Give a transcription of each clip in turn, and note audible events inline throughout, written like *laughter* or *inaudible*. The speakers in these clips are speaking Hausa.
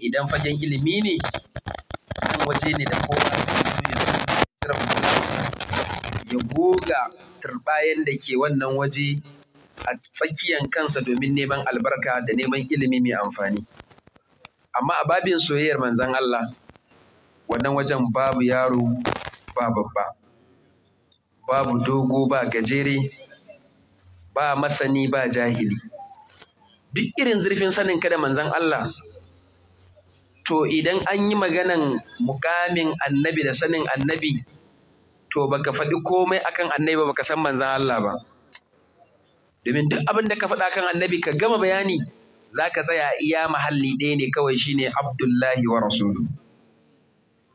idan fagen ilimi ne nan waje ne da kowa ya goga turbayan da ke wannan waje a tsakiyan kansa domin neman albarka da neman ilimi mai amfani amma a babin soyayyar manzon Allah wannan wajen babu yaro ba babba babu dogo ba gajere ba masani ba jahili duk irin zurfin sanin ka da manzon Allah to idan an yi maganan mukamin annabi da sanin annabi to baka faɗi komai akan annabi ba baka san manzan Allah ba domin duk abin da ka faɗa kan annabi ka gama bayani za ka tsaya iya mahalli ɗaya ne kawai shine abdullahi wa rasulu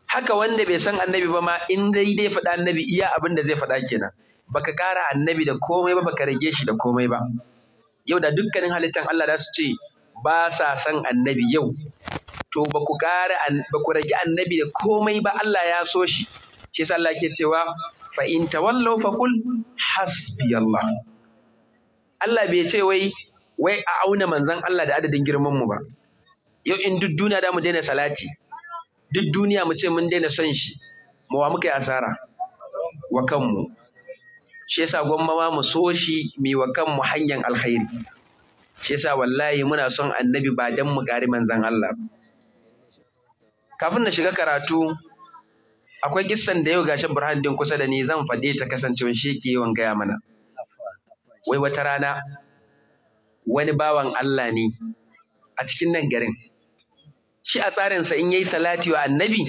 haka wanda bai san annabi ba ma in dai dai faɗa annabi iya abin da zai faɗa kenan baka kara annabi da komai ba baka rage shi da komai ba yau da dukkanin halittan Allah za su ce ba sa san annabi yau to ba ku ƙara ba ku rage annabi da komai ba Allah ya so shi shi yasa Allah ke cewa fa in tawallaw fa qul hasbi Allah Allah bai ce wai wai a auna manzon Allah da adadin girman mu ba yau in duk duniya da mu daina salati duk duniya mu ce mun daina son shi mu wa muka asara wa kanmu shi yasa gwamma ma mu so shi mi wa kanmu hanyar alkhairi shi yasa wallahi muna son annabi ba dan mu ƙari manzon Allah ba kafin na shiga karatu akwai kissan da yau gashi burhanuddin kusa da ni zan faɗe ta kasancewa shi yake yawan gaya mana wai wata rana wani bawan Allah ne a cikin nan garin shi a tsarinsa in yayi salati wa annabi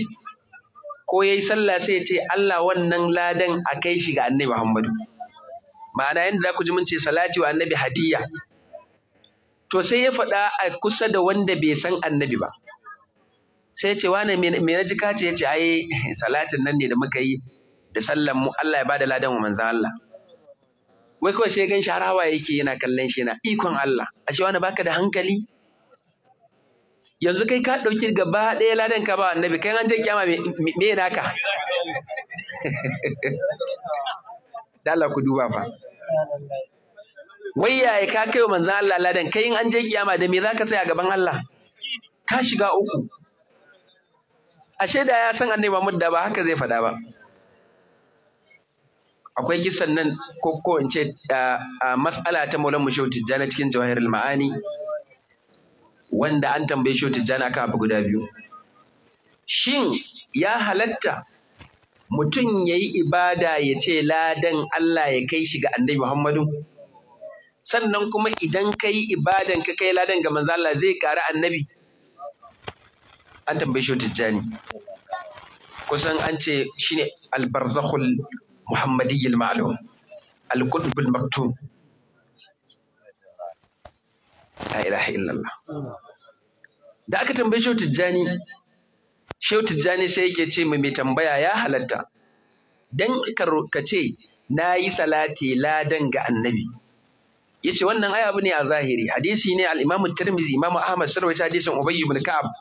ko yayi sallah sai ya ce Allah wannan ladan a kai shi ga annabi Muhammadu ma'ana yanda za ku ji mun ce salati wa annabi hadiya to sai ya faɗa a kusa da wanda bai san annabi ba sai ce wane me na jika ce ce ai salatin nan ne da muka yi da sallan mu Allah ya bada ladan wa manzon Allah wai kawai sai gan sharawa yake yana kallon shi na ikon Allah ashe wane baka da hankali yanzu kai ka ɗauki gaba ɗaya ladan ka ba annabi kai an je kiyama me naka *laughs* da Allah ku duba fa wai yaya ka kai manzan Allah ladan kai an je kiyama da me zaka tsaya gaban Allah ka shiga uku ashe da ya san annabi Muhammad da ba haka zai faɗa ba akwai kisan nan ko ko in ce mas'ala ta maulan mushe Tijjani cikin Jawahirul Ma'ani wanda an tambaye shi tijjana ka abu guda biyu shin ya halatta mutum ya yi ibada ya ce ladan Allah ya kai shi ga annabi Muhammadu sannan kuma idan ka yi ibadan ka kai ladan ga manzo Allah zai ƙara annabi an tambaye shi tijjani kusan an ce shine albarzakhul muhammadiyyil ma'lum al-qutbul maktum la ilaha illallah da aka tambaye shi tijjani Shehu Tijjani sai yake ce mai tambaya ya halatta, don ka ce, na yi salati ladan ga annabi. Ya ce wannan aya abu ne a zahiri, hadisi ne al'imamu Tirmizi, imamu Ahmad Sarwaci hadisin Ubayyu bin Ka'ab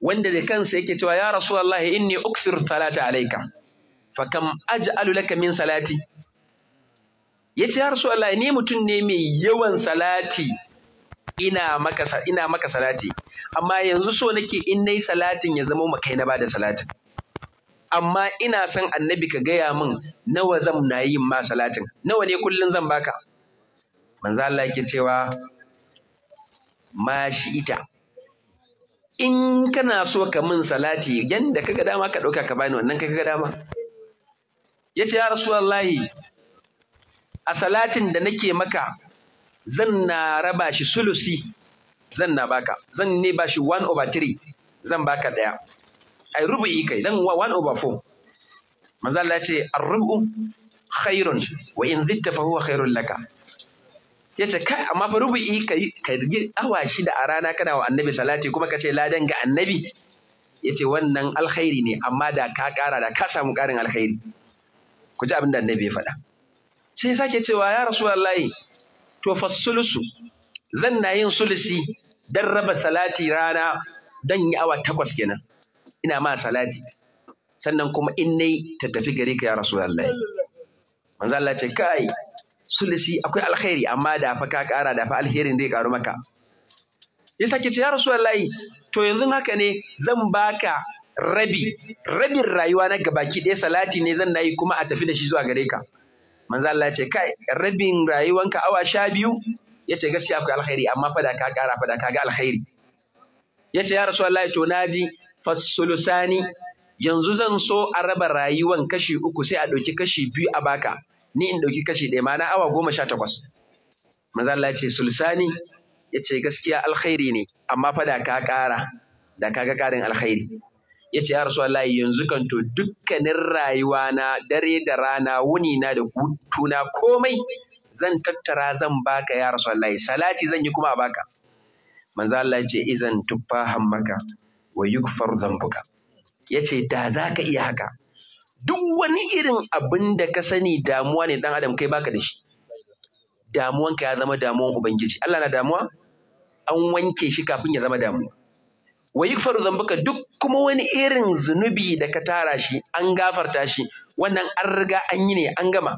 wanda da kansa yake cewa ya rasulullah inni ukthiru salata alayka fa kam aj'alu laka min salati yace ya rasulullah ni mutum ne mai yawan salati ina maka ina maka salati amma yanzu so nake in nayi salatin ya zama maka na bada salatin amma ina son annabi ka gaya min nawa zan na yin ma salatin nawa ne kullun zan baka manzo Allah yake cewa ma shi ita in kana so ka min salati yanda kaga dama ka ɗauka ka bani wannan kaga dama ya ce ya rasulullahi a salatin da nake maka zan na raba shi sulusi zan na baka zan ne ba shi one over three zan baka ɗaya ai rubu'i kai dan one over four manzo Allah ya ce ar-rubu khairun wa in zitta fa huwa khairul laka ya ce kai amma fa rubu'i ka yi awa shida a rana kana wa annabi salati kuma ka ce ladan ga annabi ya ce wannan alkhairi ne amma da ka kara da ka samu karin alkhairi ku ji abin da annabi ya faɗa sai ya sake cewa ya rasu Allah to fa sulusu zan na yin sulusi dan raba salati rana dan yi awa takwas kenan ina ma salati sannan kuma in nayi ta tafi gare ka ya rasu Allah manzo Allah ce kai sulusi akwai alkhairi amma da fa ka ƙara da fa alherin zai ƙaru maka ya sake ce ya rasulullahi to yanzu haka ne zan baka rabi rabin rayuwa na gabaki ɗaya salati ne zan nayi kuma a tafi da shi zuwa gare ka manzo Allah ce kai rabin rayuwanka awa sha biyu yace gaskiya akwai alkhairi amma fa da ka ƙara fa da ka ga alkhairi yace ya rasulullahi to naji fasulusani yanzu zan so a raba rayuwan kashi uku sai a ɗauki kashi biyu a baka ni in ɗauki kashi ɗaya ma'ana awa goma sha takwas manzo ya ce sulsani ya ce gaskiya alkhairi ne amma fa da ka ƙara da ka ga ƙarin alkhairi ya ce ya rasulullahi yanzu kan to dukkanin rayuwa na dare da rana wuni na da hutuna komai zan tattara zan baka ya rasu Allah. salati zan yi kuma a baka manzo ya ce izan tuffahan maka wa yukfar zambuka ya ce da za ka iya haka duk wani irin abin da ka sani damuwa ne dan adam kai baka da shi damuwanka ya zama damuwan ubangiji Allah na damuwa an wanke shi kafin ya zama damuwa wa yukfaru zambuka duk kuma wani irin zunubi da ka tara shi an gafarta shi wannan an riga an yi ne an gama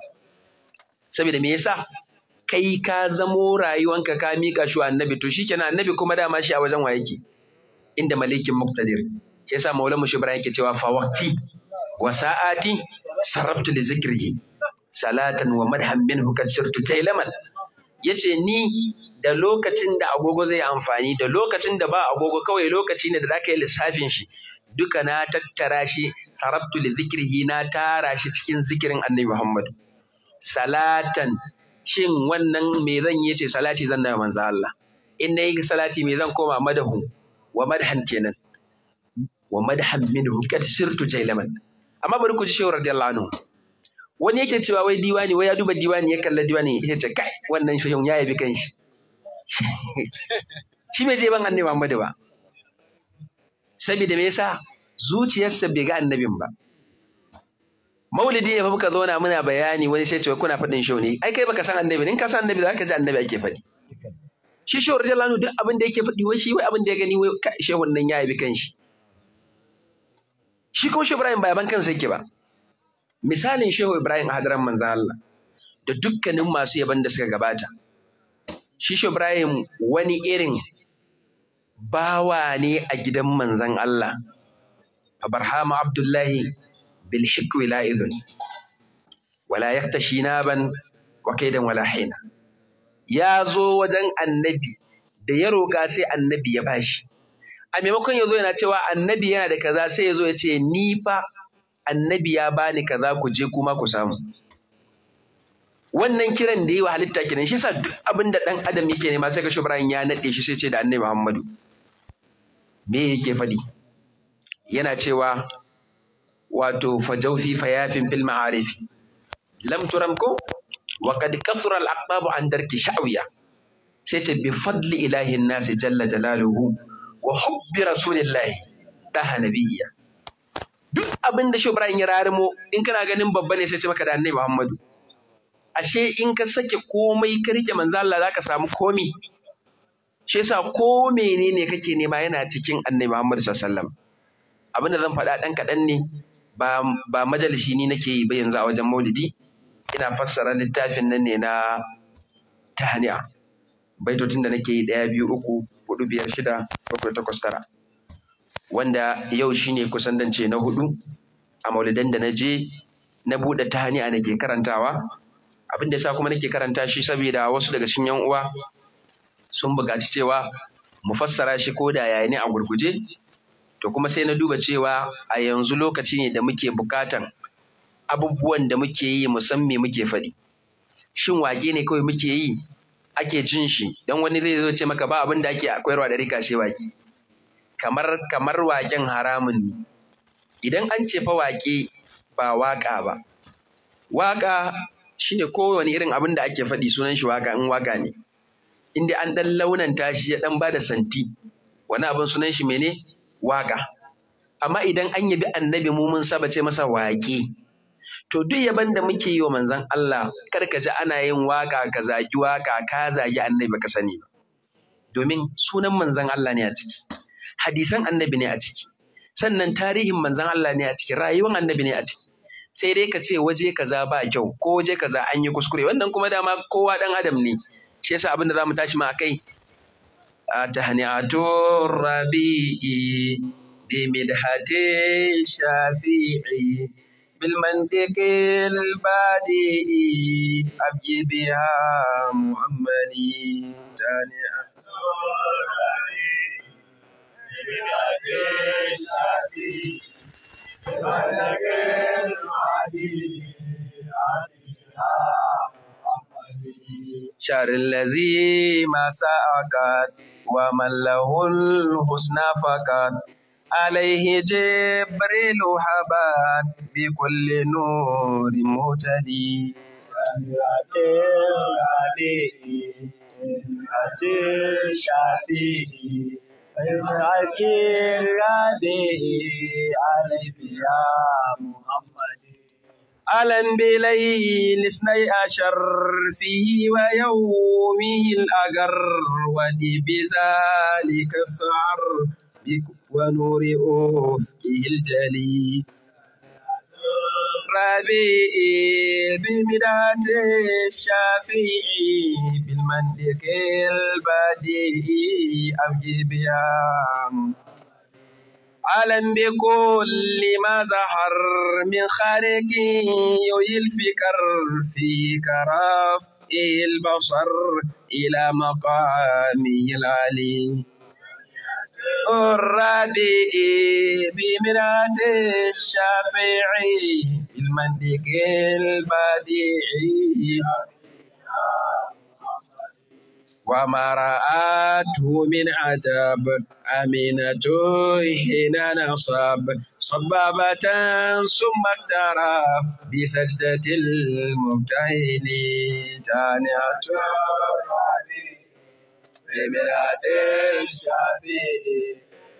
saboda me yasa kai ka zamo rayuwanka ka mika shi annabi to shi shikenan annabi kuma dama shi a wajen wa yake inda malikin muqtadir yasa maulana shibra yake cewa fa waqti وساعاتي sa'ati لذكره صلاة salatan wa madhan minhu yace ni da lokacin da agogo zai amfani da lokacin da ba agogo kawai lokaci ne da zaka yi lissafin shi duka na tattara shi sarabtu li zikrihi na tara shi cikin zikirin annabi Muhammad salatan shin wannan me zan yi ce salati zan da manzo Allah in nayi salati me zan koma madahu wa madhan kenan wa madhan minhu kad sirtu jailaman amma bari ku ji shehu radiyallahu anhu wani yake cewa wai diwani wai ya duba diwani ya kalla diwani ya ce kai wannan shehun ya yabi kan shi *laughs* Shi bai je ban annabi Muhammad ba saboda me yasa zuciyarsa bai ga annabin ba maulidi ne fa muka zauna muna bayani wani sai ce kuna faɗin shau ne ai kai baka san annabi in ka san annabi za ka ji annabi ake faɗi shi shehu radiyallahu anhu duk abin da yake faɗi wai shi wai abin da ya gani wai shehun nan ya yabi shi. shi kuma shehu ibrahim ba yaban kansa yake ba misalin shehu ibrahim a hadaran manzo Allah da dukkanin masu yaban da suka gabata shi shehu ibrahim wani irin bawa ne a gidan manzon Allah Abrahama abdullahi bil hikwi la idun wala yaktashi naban wa kaidan wala hina. ya zo wajen annabi da ya roƙa sai annabi ya bashi a maimakon ya zo yana cewa annabi yana da kaza sai ya zo ya ce ni fa annabi ya bani kaza ku je kuma ku samu wannan kiran da yi wa halitta kenan shi sa duk abin da dan adam yake nema sai ka shi ya nade shi sai ce da annabi Muhammadu me yake faɗi yana cewa wato fajawfi fayafin fil ma'arif lam turamko wa qad kasura al aqbabu an darki sha'wiya sai ce bi fadli ilahin nasi jalla jalaluhu wa hubbi rasulillahi da hanabiyya duk abin da shubran ya rarimo in kana ganin babba ne sai ce maka da annabi Muhammadu ashe in ka sake komai ka rike manzo Allah zaka samu komi shi yasa ko menene kake nema yana cikin annabi Muhammadu sallallahu alaihi wasallam abin da zan faɗa ɗan kaɗan ne ba ba majalisi ni nake yi ba yanzu a wajen Maulidi ina fassara littafin nan ne na tahniya baitotin da nake yi ɗaya biyu uku hudu biyar shida bakwai takwas tara wanda yau shine kusan dance na hudu a maulidan da na je na buɗe ta a nake karantawa abin da yasa kuma nake karanta shi saboda wasu daga cikin yan uwa sun buƙaci cewa mu fassara shi ko da yayi ne a gurguje to kuma sai na duba cewa a yanzu lokaci ne da muke buƙatan abubuwan da muke yi mu me muke faɗi shin wage ne kawai muke yi ake jin shi don wani zai zo ce maka ba abin da ake koyarwa da rika sai waki kamar kamar waken haramun ne idan an ce fa wake ba waka ba waka shine kowane irin abin da ake faɗi sunan shi waka in waka ne inda an ɗan launanta shi ya ɗan bada santi wani abin sunan shi mene waka amma idan an yabi annabi mu mun saba ce masa waƙe to duk yaban da muke yi wa manzon Allah kar ka ji ana yin waka ka zagi waka ka zagi annabi baka sani ba domin sunan manzon Allah ne a ciki hadisan annabi ne a ciki sannan tarihin manzon Allah ne a ciki rayuwar annabi ne a ciki sai dai ka ce waje kaza ba kyau ko waje kaza an yi kuskure wannan kuma dama kowa dan adam ne shi yasa abin da zamu tashi ma akai tahni'atur rabi'i bi midhati shafi'i بالمنطق البادئ أبي بها محمدي تانئا شر الذي ما ساقت ومن له الحسنى فقد عليه جبريل حبان بكل نور مهتدي أتر عليه أتر شعبيه أكير عليه عليه يا محمد ألن بليل اثني أشر فيه ويومه الأجر ولبذلك السعر ونور أفقه الجلي ربيعي بمداد الشافعي بالمنطق البديعي أوجب يا علم بكل ما ظهر من خارج يوي الفكر في كرف البصر إلى مقامه العلي الربيع بمرات الشافعي المنديك البديعي وما رآته من عتب أمينة حين نصب صبابة ثم اقترب بسجدة المبتهل تانية mira te shafi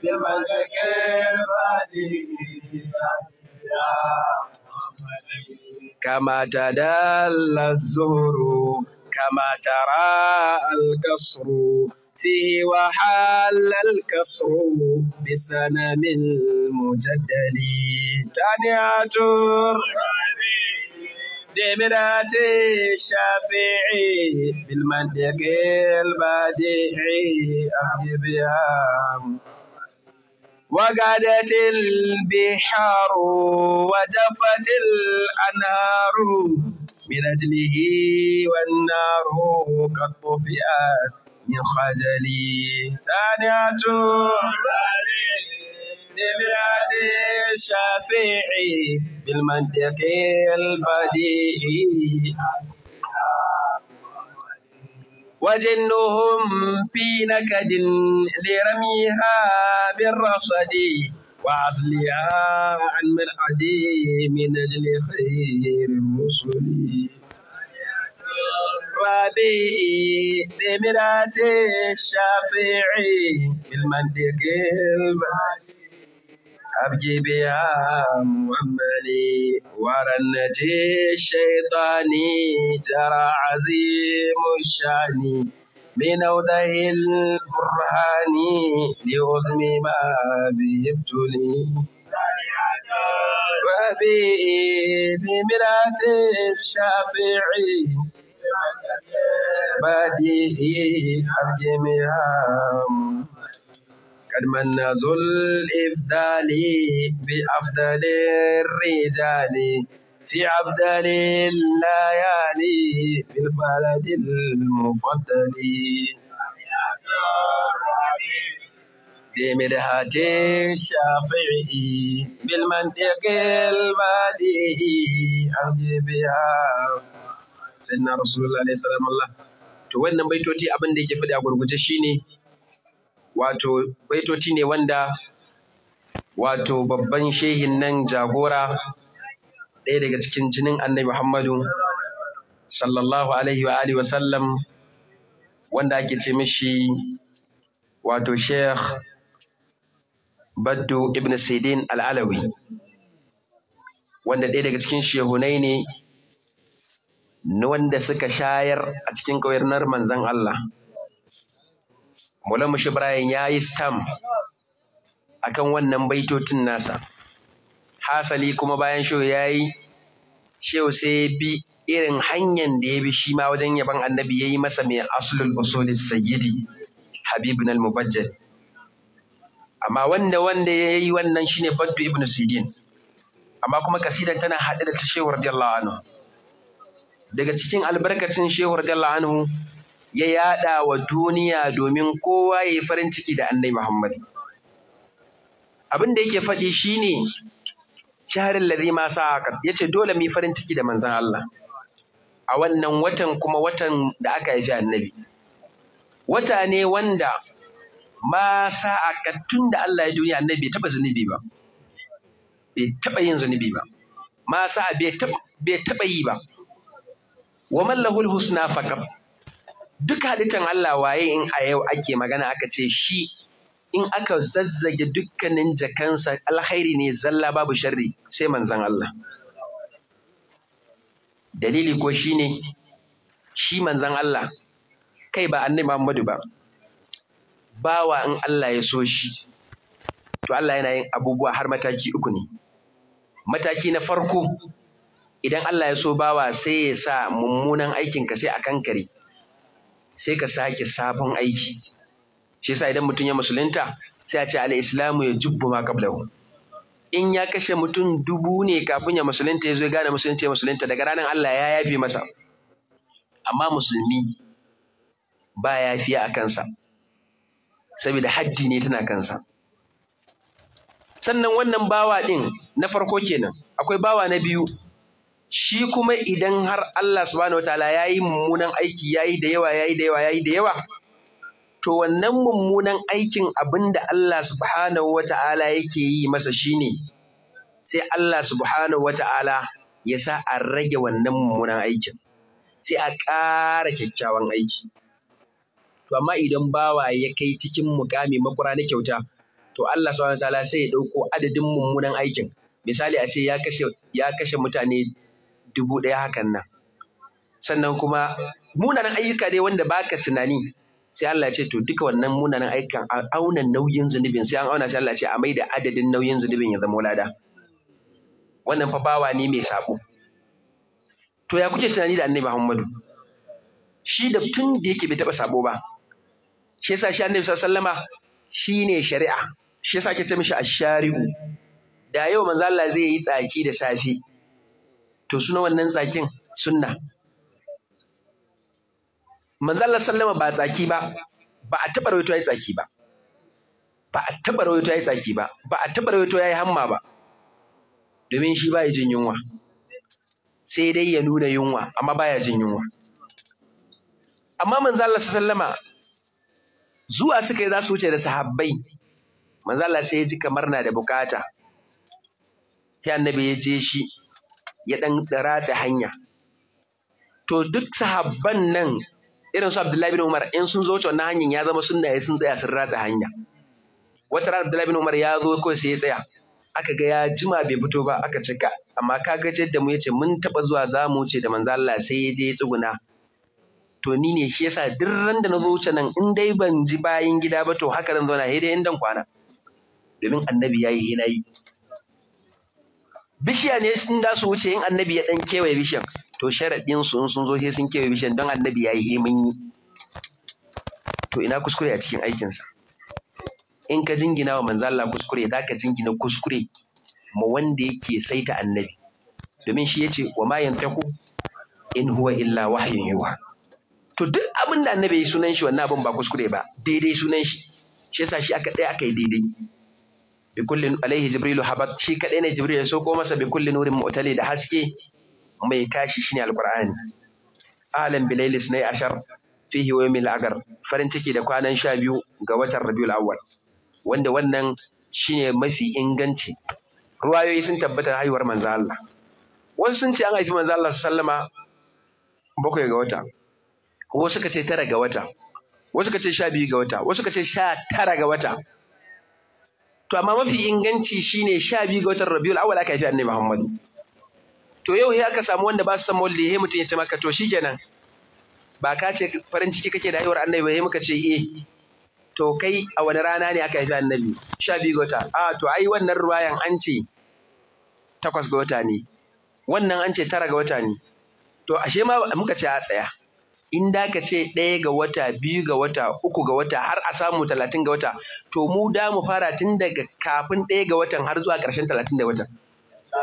bi man ga fi ba di ya kama ta dalla zuru kama tara al kasru fihi wa hal mujaddali taniatur دمراس الشافعي بالمنطق البديعي أهدي بها وقادت البحار وجفت الأنهار من أجله والنار قد طفئت من خجلي ثانية نمرة الشافعي بالمنطق البديعي وجنهم في نكد لرميها بالرصد وعزلها عن مرعدي من أجل خير الرسل ربيعي بمرات الشافعي بالمنطق البديعي أبجي بيا مؤملي ورنة الشيطاني ترى عزيم الشان من أوده البرهان لغزم ما به ابتلي وبي بمرات الشافعي أبجي بيا مؤملي قد من ذو الإفضال بأفضل الرجال في أفضل الليالي في البلد المفضل بمدحة الشافعي بالمنطق البديعي أرجي بها سيدنا رسول الله عليه السلام الله to wannan baitoci abin da yake faɗi a gurguje wato baitoci ne wanda wato babban shehin nan jagora ɗaya daga cikin jinin annabi Muhammadu sallallahu alaihi wa alihi wasallam wanda ake ce mishi wato Sheikh Baddu Ibn Sidin al wanda ɗaya daga cikin shehunai ne wanda suka shayar a cikin ƙauyen manzan Allah Mulan Mushi Brian ya yi stamp akan wannan baitotin nasa hasali kuma bayan shi ya yi shehu sai ya bi irin hanyar da ya bi shi ma wajen yaban annabi ya yi masa mai aslul usuli sayyidi Habibu al-mubajjal amma wanda wanda ya yi wannan shi ne faddu ibn sidin amma kuma kasidan tana haɗe da ta shehu radiyallahu anhu daga cikin albarkacin shehu radiyallahu anhu ya yada wa duniya domin kowa ya yi farin ciki da annabi Muhammad. Abin da yake faɗi shine shaharin lazi ma haka, ya ce dole mu yi farin ciki da manzan Allah. A wannan watan kuma watan da aka haifi annabi. Wata ne wanda ma a tun da Allah ya duniya annabi bai taɓa zunubi ba. Bai taɓa yin zunubi ba. Ma bai taɓa yi ba. Wa mallahul husna fakab duk halittan Allah waye in a yau ake magana aka ce shi in aka zazzage dukkanin jakansa alkhairi ne zalla babu sharri sai manzan Allah dalili ko shi ne shi manzan Allah kai ba annabi Muhammadu ba bawa in Allah ya so shi to Allah yana yin abubuwa har mataki uku ne mataki na farko idan Allah ya so bawa sai ya sa mummunan aikinka sai a kankare sai ka sake sabon aiki shi yasa idan mutum ya musulunta sai a ce al islamu ya jubbu ma qablahu in ya kashe mutum dubu ne kafin ya musulunta ya zo gane musulunci ya musulunta daga ranar Allah ya yafe masa amma musulmi ba yafiya a kansa saboda haddi ne tana kansa sannan wannan bawa din na farko kenan akwai bawa na biyu shi kuma idan har Allah subhanahu wataala ya yi mummunan aiki ya yi da yawa ya yi da yawa ya yi da yawa to wannan mummunan aikin abin da Allah subhanahu wataala yake yi masa shine sai Allah subhanahu wataala ya sa a rage wannan mummunan aikin sai a ƙara kyakkyawan aiki to amma idan bawa ya kai cikin mukami makura na kyauta to Allah subhanahu wataala sai ya ɗauko adadin mummunan aikin misali a ce ya kashe mutane dubu ɗaya hakan nan sannan kuma munanan ayyuka dai wanda ba ka tunani sai Allah ya ce to duka wannan munanan ayyukan a auna nauyin zunubin sai an auna sai Allah ya ce a maida adadin nauyin zunubin ya zama lada wannan fa bawa ne mai sabo to ya kuke tunani da Annabi Muhammadu shi da tun da yake bai taba sabo ba shi yasa shi Annabi sallama? Shi ne shari'a shi yasa ake ce mishi ash-shari'u da yau manzo Allah zai yi tsaki da safi to suna wannan tsakin sunna manzo sallama ba tsaki ba ba a taɓa rawaito yayi tsaki ba ba a taɓa rawaito yayi tsaki ba ba a taɓa rawaito yayi hamma ba domin shi ba ya jin yunwa sai dai ya nuna yunwa amma ba ya jin yunwa amma manzo sallama zuwa suka yi za su wuce da sahabbai manzo sai ya ji kamar na da bukata sai annabi ya je shi ya ɗan ratsa hanya to duk sahabban nan irin su Abdullahi bin Umar in sun zo wuce wannan hanyar ya zama sunna sun tsaya sun ratsa hanya wata rana Abdullahi bin Umar ya zo ko sai ya tsaya aka ga ya jima bai fito ba aka cika amma ka ga da mu ya ce mun taba zuwa za mu wuce da manzo Allah sai ya je ya tsuguna to ni ne shi yasa duk ran da na zo wuce nan in dai ban ji bayan gida ba to haka zan zauna sai dai in dan kwana domin annabi yayi hinayi bishiya ne sun da su wuce in annabi ya dan kewaye bishiyan to sharaɗin su in sun zo sai sun kewaye bishiyan don annabi ya yi himin yi to ina kuskure a cikin aikinsa in ka jingina wa manzalla kuskure za ka jingina kuskure ma wanda yake saita annabi domin shi yace wa ma yantaku in huwa illa wahayin yuwa. to duk abin da annabi ya sunan shi wannan abin ba kuskure ba daidai sunan shi shi yasa shi aka tsaya aka yi daidai bi kullin alaihi jibrilu habat shi kadai ne jibril ya ko masa bi kulli nurin mu'tali da haske mai tashi shine alqur'ani alam bilailis nay ashar fihi wa yawmil agar farin ciki da kwanan sha biyu ga watan rabiul awwal wanda wannan shine mafi inganci ruwayoyi sun tabbata haihuwar manzo Allah wasu sun ce an haifi manzo Allah sallama bakwai ga wata wasu suka ce tara ga wata wasu suka ce sha biyu ga wata wasu suka ce sha tara ga wata to amma mafi hmm. inganci shine sha biyu ga watan rabiul awwal aka haifi annabi muhammadu to yau ya aka samu wanda ba su san maulidi sai mutum ya ce maka to shikenan ba ka ce farin ciki kake da haihuwar annabi ba sai muka ce eh to kai a wani rana ne aka haifi annabi sha biyu ga wata a to ai wannan ruwayan an ce takwas ga wata ne wannan an ce tara ga wata ne to ashe ma muka ce a tsaya in da ka ce ɗaya ga wata biyu ga wata uku ga wata har a samu talatin ga wata to mu da mu fara tun daga kafin ɗaya ga watan har zuwa ƙarshen talatin da watan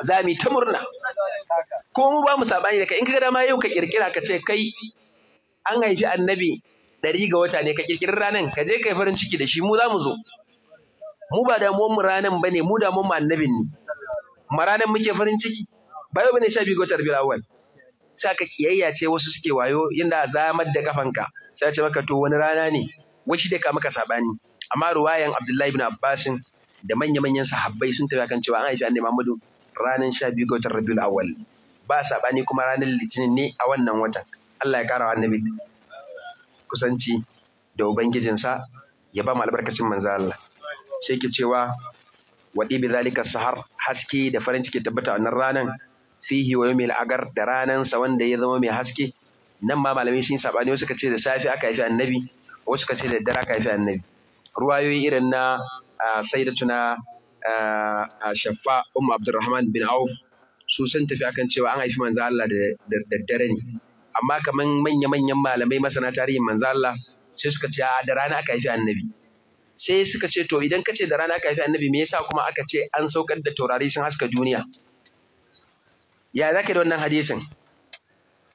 za mu yi ta murna ko mu ba mu saɓani da kai in ka ga dama yau ka ƙirƙira ka ce kai an haifi annabi ɗari ga wata ne ka ƙirƙiri ranar ka je ka yi farin ciki da shi mu za mu zo mu ba damuwan mu ranar ba ne mu damuwar mu annabin ne ma ranar muke farin ciki ba yau bane sha biyu ga watan rabiul sai ka kiyayya ce wasu suke wayo yana zamar da kafanka sai ce maka to wani rana ne wai da ka maka sabani amma ruwayan Abdullahi ibn Abbas da manya-manyan sahabbai sun tafi kan cewa an haifi annabi Muhammadu ranar 12 ga watan Rabiul Awwal ba sabani kuma ranar Litinin ne a wannan watan Allah ya karawa annabi kusanci da ubangijinsa ya ba mu albarkacin manzo Allah sai cewa wa bi zalika sahar haske da farin ciki tabbata wannan ranar fihi wa yawmil agar da ranansa wanda ya zama mai haske nan ma malamai sun sabani wasu ce da safi aka haifi annabi wasu ce da dare aka haifi annabi ruwayoyi irin na sayyidatuna shaffa umma abdurrahman bin auf su sun tafi akan cewa an haifi manzo Allah da daddare ne amma kaman manya manyan malamai masana tarihin manzo Allah sai suka ce da rana aka haifi annabi sai suka ce to idan kace da rana aka haifi annabi me yasa kuma aka ce an saukar da taurari sun haska duniya ya zaka da wannan hadisin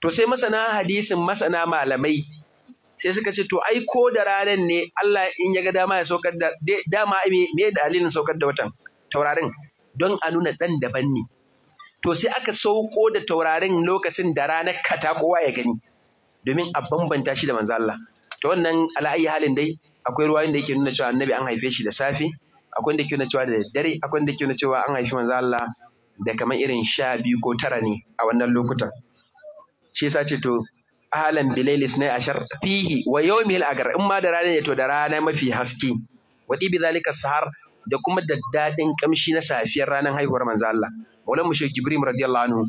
to sai masana hadisin masana malamai sai suka ce to ai ko da ranar ne Allah in ya ga dama ya saukar da dama me dalilin saukar da watan taurarin don a nuna dan daban ne to sai aka sauko da taurarin lokacin da ranar kata kowa ya gani domin a bambanta shi da manzo Allah to wannan ala'ayi halin dai akwai ruwayoyin da yake nuna cewa annabi an haife shi da safe akwai da yake nuna cewa da daddare akwai da yake nuna cewa an haifi manzo Allah da kamar irin sha biyu ko tara ne a wannan lokutan shi yasa ce to alan bilailis na ashar fihi wa yawmil agar in ma da rana ne to da rana mafi haske wa bi zalika sahar da kuma da dadin kamshi na safiyar ranar haihuwar manzo Allah maulan mu jibrim radiyallahu anhu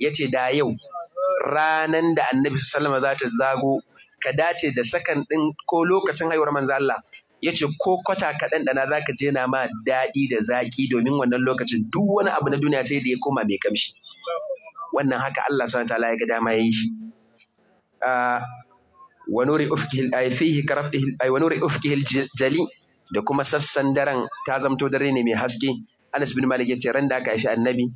yace da yau ranan da annabi sallallahu alaihi za ta zago ka dace da sakan din ko lokacin haihuwar manzo Allah ya ce ko kwata kaɗan ɗana za ka je na ma daɗi da zaƙi domin wannan lokacin duk wani abu na duniya sai da ya koma mai kamshi wannan haka Allah subhanahu ta ya ga dama ya yi shi wa nuri ufkihi jali da kuma sassan daren ta zamto dare ne mai haske Anas bin Malik ya ce ran da aka shi annabi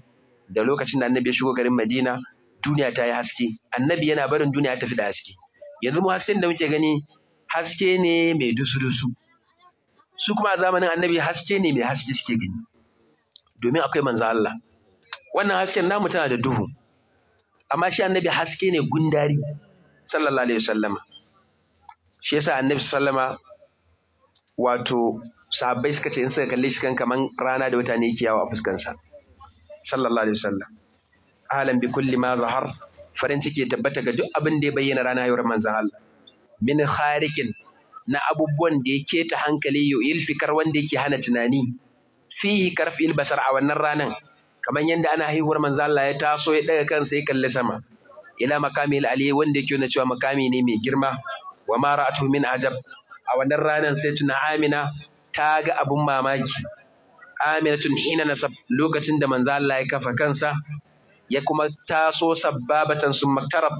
da lokacin da annabi ya shigo garin Madina duniya ta yi haske annabi yana barin duniya ta fi da haske yanzu mu hasken da muke gani haske ne mai dusu-dusu su kuma a zamanin annabi haske ne mai haske suke gani domin akwai manzo Allah wannan hasken namu tana da duhu amma shi annabi haske ne gundari sallallahu alaihi wasallama shi yasa annabi sallama wato sahabbai suka ce in suka kalle shi kan kaman rana da wata ne yake yawo a fuskansa sallallahu alaihi wasallam alam bi kulli ma zahar farin ciki ya tabbata ga duk abin da ya bayyana rana yawar manzon Allah min kharikin. na abubuwan da ya keta hankali yau fikar wanda yake hana tunani fihi karfi basar a wannan ranan kamar yadda ana haihuwar manzo Allah ya taso ya daga kansa ya kalli sama ila makami ali wanda yake na cewa makami ne mai girma wa ma ra'atu min ajab a wannan ranan sai tuna Amina ta ga abun mamaki Amina tun hina nasab lokacin da manzo ya kafa kansa ya kuma taso sabbabatan sun maktarab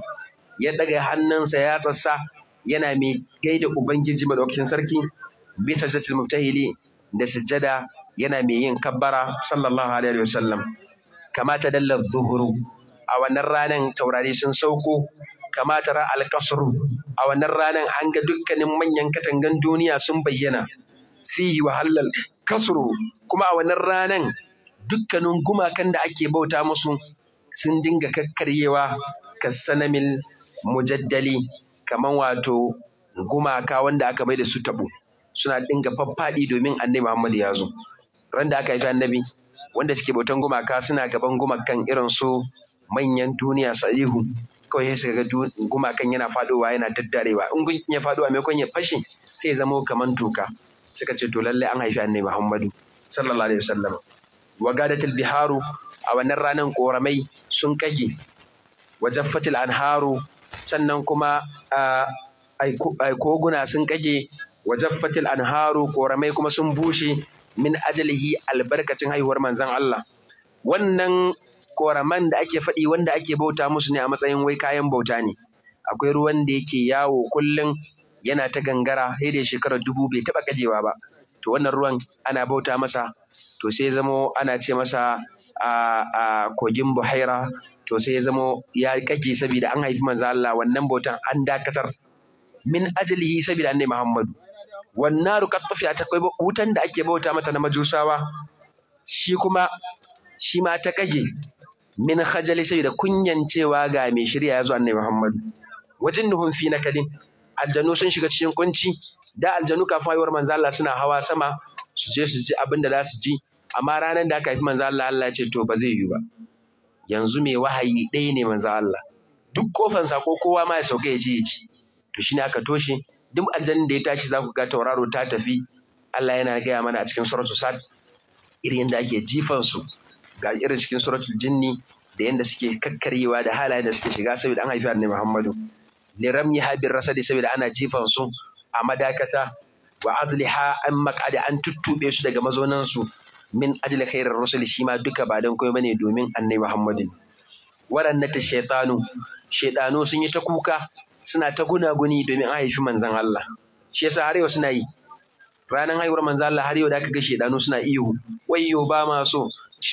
ya daga hannunsa ya tsassa yana mai gaida ubangiji madaukakin sarki bi sajdatil mubtahili da sujada yana mai yin kabbara sallallahu alaihi wasallam kama ta dalla zuhuru a wannan ranan taurari sun sauko kamata ta ra a wannan ranan an ga dukkanin manyan katangan duniya sun bayyana fihi wa halal kasru kuma a wannan ranan dukkanin gumakan da ake bauta musu sun dinga kakkaryewa kasanamil mujaddali kaman wato gumaka wanda aka mai da su tabo suna dinga faffaɗi domin annabi Muhammad ya zo ran da aka haifi annabi wanda suke bautan gumaka suna gaban gumakan irin su manyan duniya salihu kawai sai ga gumakan yana faduwa yana daddarewa in gun ya mai maimakon ya fashe sai ya zama kaman toka suka ce to lallai an haifi annabi Muhammadu sallallahu alaihi wasallam gadatil biharu a wannan ranar koramai sun kage wajaffatil anharu sannan kuma koguna sun kage wa jaffatil anharu koramai kuma sun bushe min ajalihi albarkacin haihuwar manzon Allah wannan koraman da ake faɗi wanda ake bauta musu ne a matsayin wai kayan bauta ne akwai ruwan da yake yawo kullum yana ta gangara sai da shekarar dubu bai taɓa kajewa ba to wannan ruwan ana bauta masa to sai zamo ana ce masa a kogin buhaira to sai ya zama ya kake saboda an haifi manzo Allah wannan bautan an dakatar min ajlihi saboda annabi Muhammadu wan naru qad ta kai wutan da ake bauta mata na majusawa shi kuma shi ma ta kage min khajali saboda kunyan cewa ga mai shirya ya zo annabi Muhammadu wajin nuhun fi nakalin aljanu sun shiga cikin kunci da aljanu kafin haihuwar manzo Allah suna hawa sama su je su ji abin za su ji amma ranar da aka haifi manzo Allah Allah ya ce to ba zai yiwu ba yanzu mai wahayi ɗaya ne manzo Allah duk kofan sako kowa ma ya sauka ya ji ya ji to shine aka toshe duk aljannin da ya tashi za ku ga tauraro ta tafi Allah yana gaya mana a cikin suratul sad irin yadda ake jifan su ga irin cikin suratul jinni da yanda suke kakkaryewa da halayen da suke shiga saboda an haifi annabi Muhammadu liramyi habir rasadi saboda ana jifan su a madakata wa azliha an maqada an tuttube su daga mazonansu. min ajli khairar rusul shi ma duka ba don ba bane domin annabi Muhammadin waɗannan ta shaitanu shaitanu sun yi ta kuka suna ta gunaguni domin an haifi manzan Allah shi yasa har yau suna yi ranar haihuwar manzan Allah har yau da aka ga shaitanu suna iyo. wayyo ba ma so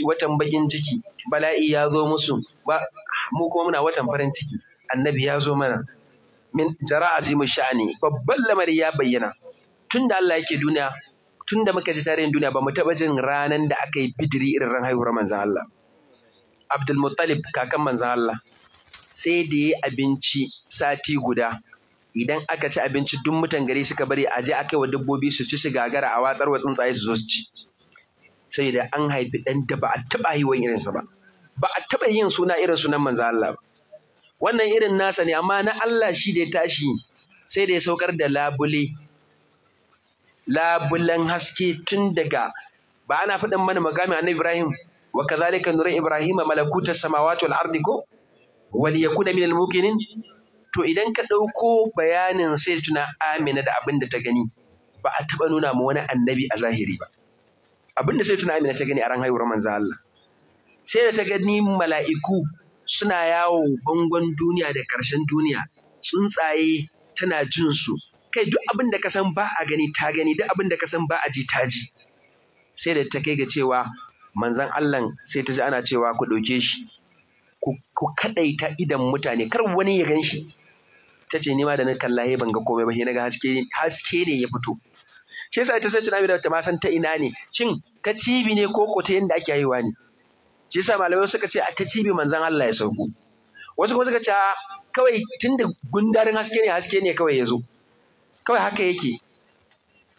watan bakin ciki bala'i ya zo musu ba mu kuma muna watan farin ciki annabi ya zo mana min jara azimu sha'ani babban lamari ya bayyana Tunda da Allah yake duniya tun da muka ji tarihin duniya ba mu taɓa jin ranan da aka yi bidiri irin ran haihuwar manzan Allah Abdulmuttalib kakan manzan Allah sai da ya abinci sati guda idan aka ci abinci duk mutan gari suka bari a je aka yi wa dabbobi su ci su gagara a watsar wa tsuntsaye su zo su ci sai da an haifi ɗan da ba a taɓa yi wa irinsa ba ba a taɓa yin suna irin sunan manzan Allah ba wannan irin nasa ne amma na Allah shi da ya tashi sai da ya saukar da labule labulan haske tun daga ba ana faɗin mana magami annabi Ibrahim wa kazalika nuri Ibrahim malakuta samawati wal ardi ko wal yakuna al mukinin to idan ka ɗauko bayanin sai tuna Amina da abin ta gani ba a taɓa nuna mu wani annabi a zahiri ba abin da sai tuna Amina ta gani a ran haihuwar manzo Allah sai da ta gani mala'iku suna yawo bangon duniya da karshen duniya tsuntsaye tana jin su kai duk abin da ka san ba a gani ta gani duk abin da ka san ba a ji ta ji sai da ta kai ga cewa manzan Allah sai ta ji ana cewa ku ɗauke shi ku kaɗaita idan mutane kar wani ya gan shi ta ce ni ma da na kalla ban ga komai ba shi, na ga haske haske ne ya fito shi yasa ita sai tana da ta san ta ina ne shin ta cibi ne ko ko ta yanda ake haihuwa ne shi yasa malamai suka ce a ta cibi manzan Allah ya sauko wasu kuma suka ce kawai tunda gundarin haske ne haske ne kawai ya zo kawai haka yake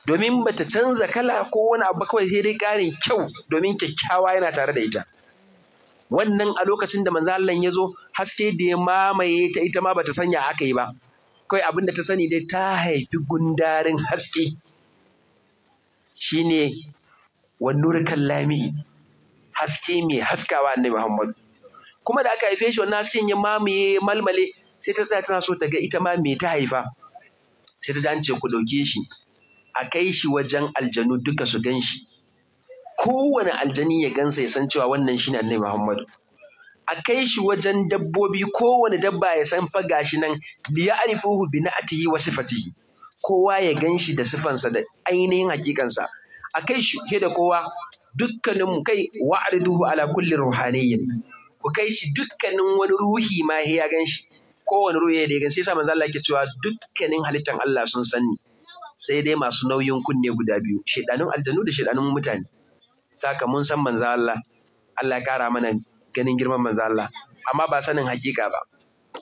domin ba ta canza kala ko wani abu kawai sai dai ƙarin kyau domin kyakkyawa yana tare da ita wannan a lokacin da manzo Allah ya zo haske da ya mamaye ta ita ma ba ta sanya haka yi ba kawai abin da ta sani dai ta haifi gundarin haske shine wannur lami haske mai haskawa annabi Muhammad kuma da aka haife shi wannan san ya mamaye malmale sai ta tsaya tana so ta ga ita ma me ta haifa sai ta ce ku ɗauke shi a kai shi wajen aljanu duka su gan shi kowane aljani ya gansa ya san cewa wannan shine annabi Muhammadu a kai shi wajen dabbobi kowane dabba ya san fa gashi nan liya arifuhu bi na'atihi wa sifatihi kowa ya gan shi da sifansa da ainihin hakikansa a kai shi da kowa dukkaninmu kai wa'riduhu ala kulli ruhaniyin ku kai shi dukkanin wani ruhi ma ya gan shi kowane ruwa ya gan sai sa manzo Allah yake cewa dukkanin halittan Allah sun sani sai dai masu nauyin kunne guda biyu shedanun aljanu da shedanun mutane saka mun san manzo Allah Allah ya kara mana ganin girman manzo Allah amma ba sanin hakika ba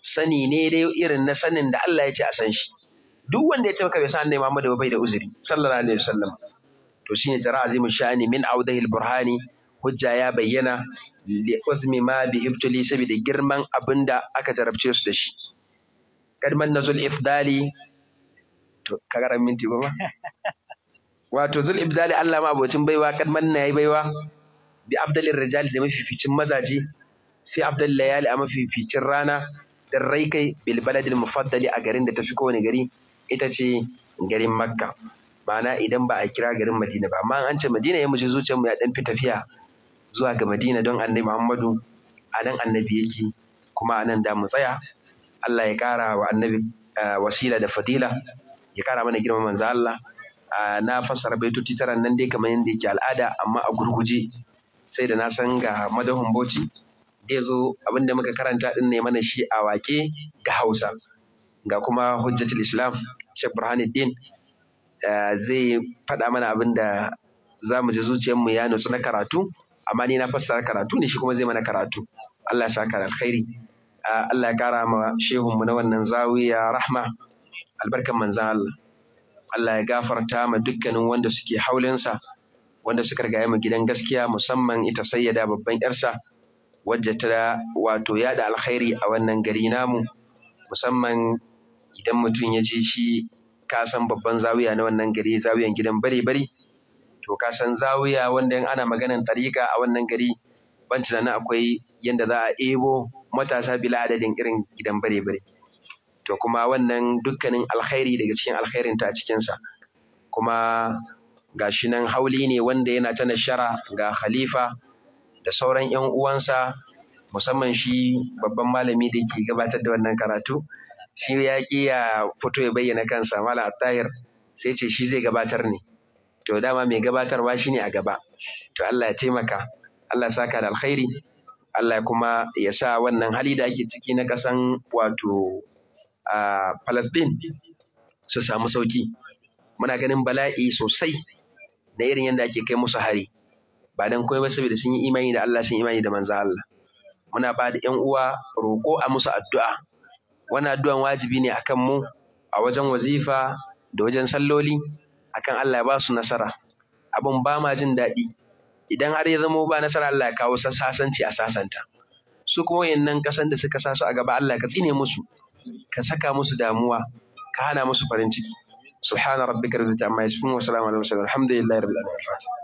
sani ne dai irin na sanin da Allah ya ce a san shi duk wanda ya ce maka bai san annabi Muhammad bai da uzuri sallallahu alaihi wasallam to shine jara shani min audahil burhani hujja ya bayyana lekozmi ma bi ibtuli saboda girman abin da aka jarabce su da shi kadman nazul ifdali to gara minti ba? wato zul ibdali Allah ma abocin baiwa kadman na yayi baiwa bi abdalin rijal da mafificin mazaji fi abdal layali a mafificin rana da rai kai bil baladil mufaddali a garin da tafi kowane gari ita ce garin makka ma'ana idan ba a kira garin madina ba amma an ce madina ya muji zuciyarmu ya dan fi tafiya zuwa ga Madina don annabi Muhammadu a nan annabi yake kuma a nan da mu tsaya Allah ya kara wa annabi eh, wasila da fadila ya kara mana girman manzo Allah ah, na fassara baitu titaran nan dai kamar yadda yake al'ada amma a gurguje sai da na san ga madahun boci da zo abinda muka karanta din ne mana shi a wake ga Hausa ga kuma hujjatul Islam Sheikh Burhanuddin eh, zai faɗa mana abinda za mu ji zuciyarmu ya nutsu na karatu amma ni na fassa karatu ne shi kuma zai mana karatu Allah ya saka alkhairi Allah ya kara ma shehun mu na wannan zawiya rahma albarkan manzan Allah Allah ya gafarta ma dukkanin wanda suke haulinsa wanda suka riga mu gidan gaskiya musamman ita sayyada babban yarsa wadda ta wato yada alkhairi a wannan gari namu musamman idan mutum ya je shi ka san babban zawiya na wannan gari zawiyan gidan bare-bare to ka san zawiya wanda in ana maganan tariƙa a wannan gari ban tunanin akwai yadda za a ebo matasa bila adadin irin gidan bare-bare to kuma wannan dukkanin alkhairi daga cikin alkhairin ta a cikinsa kuma ga shi nan hauli ne wanda yana ta nashara ga khalifa da sauran 'yan uwansa musamman shi babban malami da ke gabatar da wannan karatu shi ya ƙi ya fito ya bayyana kansa mala attahir sai ce shi zai gabatar ne to dama mai gabatarwa shi ne a gaba to Allah ya taimaka Allah saka da alkhairi Allah kuma ya sa wannan hali da ake ciki na kasan wato a Palestine su samu sauki muna ganin bala'i sosai da irin yadda ake kai musu hari ba dan kai ba saboda sun yi imani da Allah sun yi imani da manzo Allah muna ba da 'yan uwa roƙo a musu addu'a wannan addu'an wajibi ne akan mu a wajen wazifa da wajen salloli akan Allah ya ba su nasara abin ba ma jin daɗi idan har ya zamo ba nasara Allah ya kawo sasanci a sasanta su kuma yannan kasan da suka sa su a gaba Allah ka tsine musu ka saka musu damuwa ka hana musu farin ciki subhana rabbika rabbil izzati amma yasifun wa salamun alal mursalin alhamdulillahi rabbil alamin